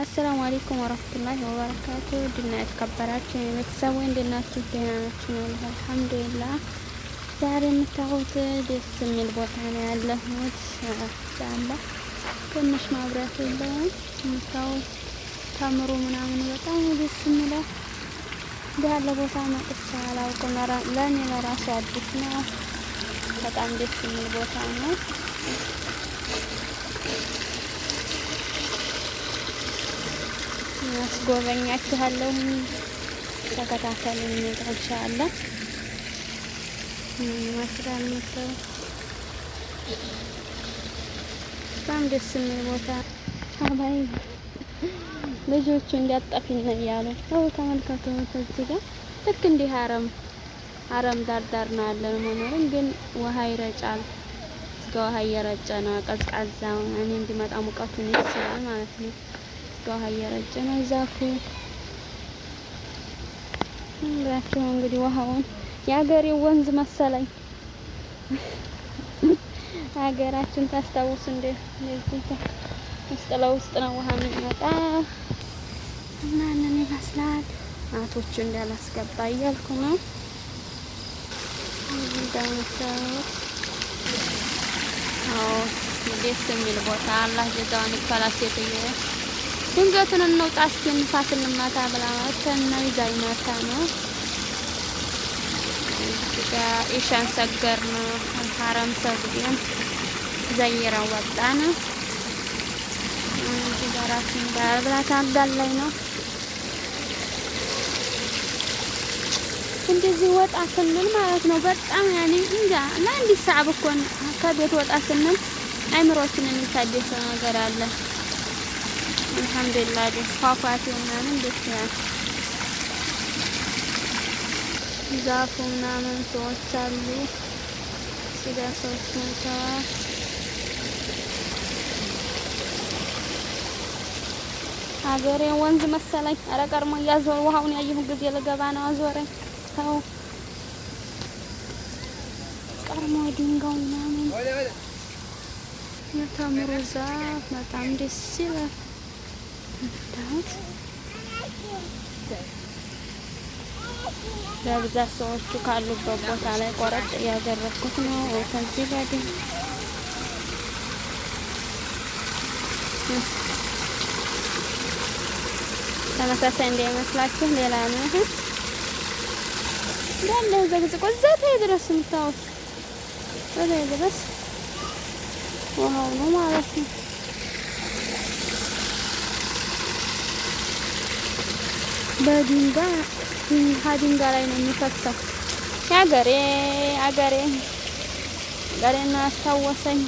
አሰላሙ አሌይኩም ወረህመቱላሂ ወበረካቱ ድና የተከበራችሁ የቤተሰብ ወይ እንደት ናችሁ? ደህና ናችሁ ነው? አልሐምዱሊላህ። ዛሬ የምታዩት ደስ የሚል ቦታ ነው ያለሁት። አለ ትንሽ ማብራት የለውም። የምታዩት ተምሮ ምናምን በጣም ደስ የሚለው ያለ ቦታ መጥቼ አላውቅም። ለእኔ ለራሱ አዲስ ነው። በጣም ደስ የሚል ቦታ ነው። ያስጎበኛችኋለሁ። ተከታተሉ። ይመጣሻለ ይመስላል መተው በጣም ደስ የሚል ቦታ አባይ ልጆቹ እንዲያጠፊን ነው እያሉ አው ተመልከቱ። እዚህ ጋር ልክ እንዲህ አረም አረም ዳር ዳር ነው ያለን መኖርን ግን ውሃ ይረጫል። እስከ ውሃ እየረጨ ነው ቀዝቃዛው እኔ እንዲመጣ ሙቀቱን ይስላል ማለት ነው። ውሃ እየረጨ ነው ዛፉ እንግዲህ እንግዲህ ውሃውን የሀገሬው ወንዝ መሰለኝ። ሀገራችን ታስታውስ እንደ እንደዚህ ውስጥ ለውስጥ ነው ውሃ የሚመጣ እና እንን ይመስላል። አቶቹ እንዳላስገባ እያልኩ ነው ደስ የሚል ቦታ አላህ ጀዛዋን ይክፈላት ሴትዮ ድንገቱን እንውጣ እስኪ ንፋስ እንማታ ብላ ነው ይዛኝ ማታ ነው ኢሻን ሰገር ነው ሀረም ሰግደን ዘይራ ወጣን። ራሱን ብላ ታጋላይ ነው እንደዚህ ወጣ ስንል ማለት ነው በጣም ያኔ እንጃ ለአንዲት ሰዓት እኮ ከቤት ወጣ ስንል አይምሮችን የሚታደሰው ነገር አለን። አልሐምዱሊላህ ፏፏቴ ምናምን ደስ ይላል። ዛፉ ምናምን ሰዎች አሉ። ስጋ ሰዎች ሞተዋል። ሀገሬ ወንዝ መሰለኝ። ኧረ ቀድሞ እያዞር ውሃውን ያየሁ ጊዜ ልገባ ነው አዞረኝ። ተው ቀድሞ ድንጋው ምናምን የተምሩ ዛፍ በጣም ደስ ይላል። እንዳት በብዛት ሰዎቹ ካሉበት ቦታ ላይ ቆረጥ ያደረኩት ነው። ከዚህ ጋር ተመሳሳይ እንዳይመስላችሁ ሌላ ነው እንዳለ ዘግዝቆ ዘተ ድረስ የምታወት ዘተ ድረስ ውሃው ነው ማለት ነው። በድንጋይ ከድንጋይ ላይ ነው የሚፈሰው። አገሬ አገሬ አገሬ ነው ያስታወሰኝ።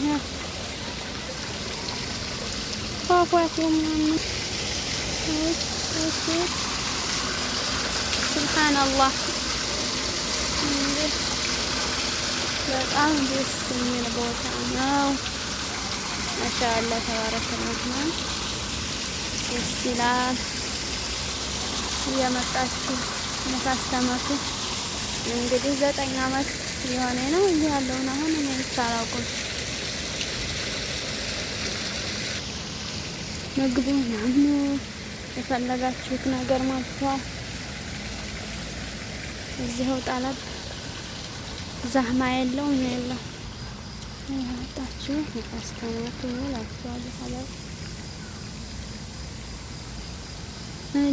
ፏፏቴው ምናምን ስብሓንላህ በጣም ደስ የሚል ቦታ ነው። ማሻአላህ ተባረከ ረህማን ደስ ይላል። እየመጣችሁ የምታስተምሩ እንግዲህ ዘጠኝ አመት የሆነ ነው እንጂ ያለውን አሁን እኔ አላውቅም። ምግቡ ምናምኑ የፈለጋችሁት ነገር ማጥቷል። እዚህው ጠለብ ዛህማ የለውም የለም። ያጣችሁ ታስተማቱ ላችኋል።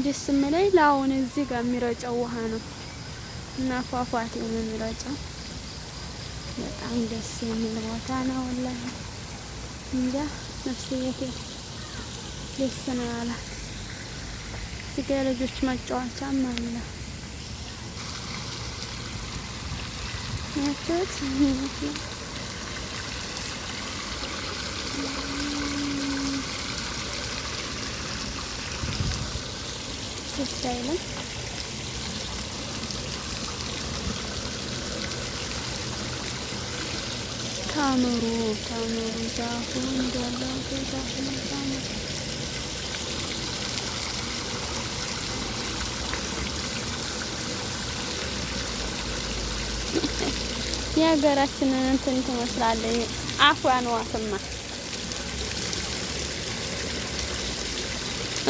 ደስ የሚለኝ ለአሁን እዚህ ጋር የሚረጨው ውሃ ነው እና ፏፏቴ ነው የሚረጨው። በጣም ደስ የሚል ቦታ ነው። ወላሂ እንጃ ነፍስየቴ ደስ ነው ያላት። እዚህ ጋ የልጆች መጫወቻም አለ። ያችሁት ይመስላል ጉዳይ ነው። ታምሩ ታምሩ ዛፉ እንዳለው ዛፉ ታምሩ የሀገራችንን እንትን ትመስላለች። አፏን ዋትማ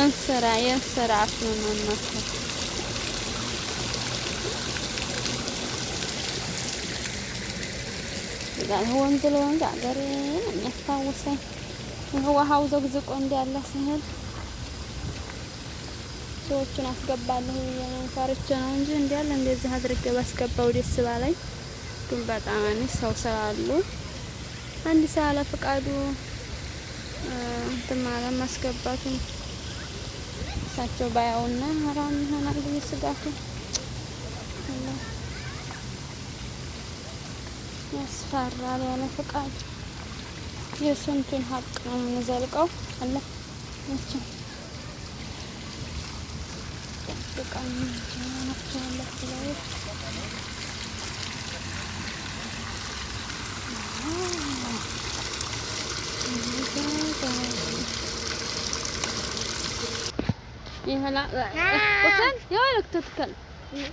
እንስራ የእንስራ አፍሉን እንነካው። ወንዝ ለወንዝ አገሬ የሚያስታውሰኝ ውሃው ዘግዝቆ እንዳለ ስህል ሰዎቹን አስገባለሁ ብዬ ነው እንጂ እንዳለ እንደዚህ አድርጌ ባስገባው ደስ ባለኝ። ግን በጣም አንስ ሰው ስላሉ አንድ ሰዓት ለፍቃዱ እንትን ማለት ማስገባቱን እሳቸው ባያውና ሀራም ይሆናል ብዬ ስጋቱ ያስፈራል። ያለ ፈቃድ የስንቱን ሀቅ ነው የምንዘልቀው? አለ መቼም በቃም ናቸው ايه يهلا نعم. وصل يا ويلك تتكلم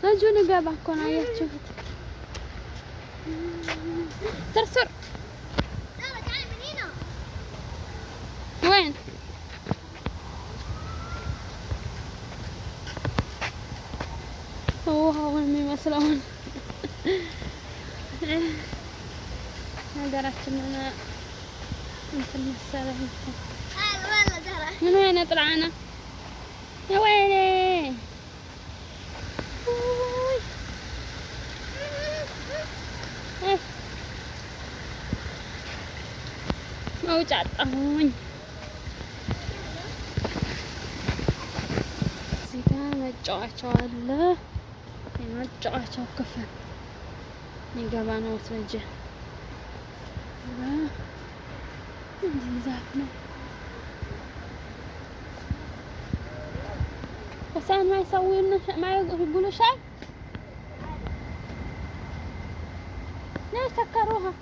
رجوني بابا كون عيط شوفت سر هنا وين اوه وين يمثلون ما درت ان انا مثل السالفه من وين طلعنا Đâu e nè Mau chặt ơi Gì ta là cho trò lơ Thì nó trò trò cơ phần Nhìn các bạn hãy subscribe cho kênh Ghiền Mì Gõ Để không bỏ lỡ những video بس ما يسوي لنا ما يقولوا شيء ليه سكروها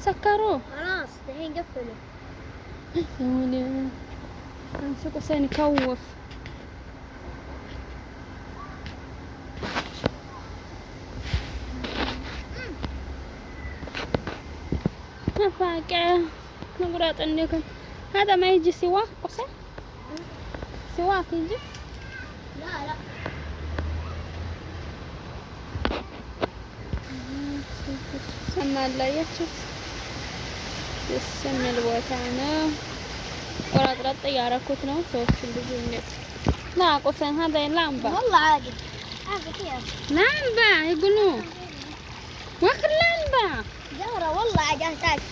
سكروه خلاص الحين قفلوا يا امسك حسين يكوف فاقعة نقرأ عندكم هذا ما يجي سواك قصة سواك يجي ሰማላያችሁ ደስ የሚል ቦታ ነው። ቆራጥረጥ እያረኩት ነው። ሰዎቹ ብዙ እንዴት ላ ቆሰን هذا ላምባ ላምባ ይግሉ ወክል ላምባ ጀራ والله አጃታች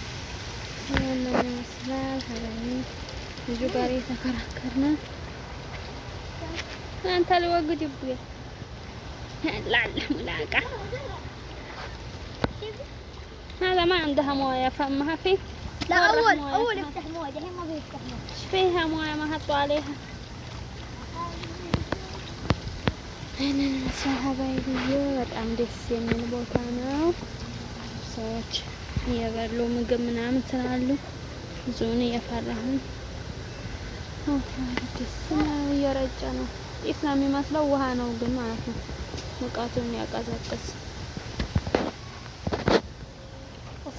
ይመስላል ልጁ ጋር የተከራከርነ አንተ ለወግድ ይብየ لعل ملاقة هذا ما عندها موية فمها في لا أول أول افتح موية الحين ما بيفتح افتح موية فيها موية ما حطوا عليها እነሳ ሀባይዬ በጣም ደስ የሚል ቦታ ነው። ሰዎች እየበሉ ምግብ ምናምን ስላሉ ብዙውን እየፈራሁን ደስ ነው፣ እየረጨ ነው። ጢስ ነው የሚመስለው፣ ውሃ ነው ግን ማለት ነው። ሙቀቱን ያቀዘቅዝ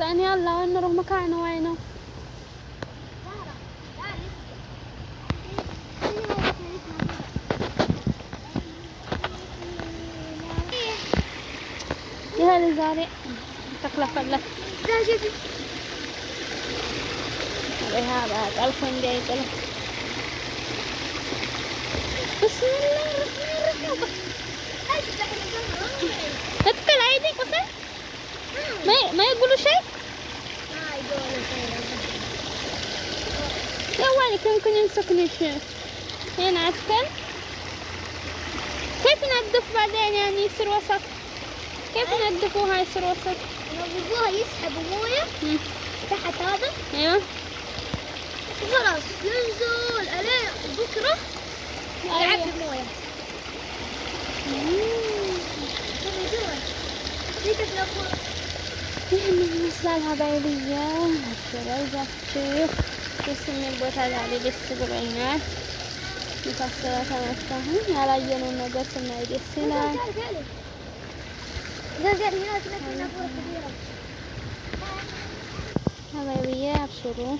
ثاني يلا نروح مكان وينه يا لزاري تقلفلك هذا هذا الفندق بسم الله الرحمن الرحيم تتقل ما يقولوا شيء ما يمكن يمسكني شيء هنا أتكل كيف ننظف بعدين يعني يصير وسط كيف ينظفوها يصير وسط ينظفوها يسحبوا مويه تحت هذا ايوه خلاص ينزل عليه بكره Ай, мое. Bizler haberliyim. Şöyle uzakçıyım. Kesinlikle bu tazeli desin buraya. Bir pastalar tanıştığım. Hala yanına götürmeye desinler. Haberliye yapıyorum.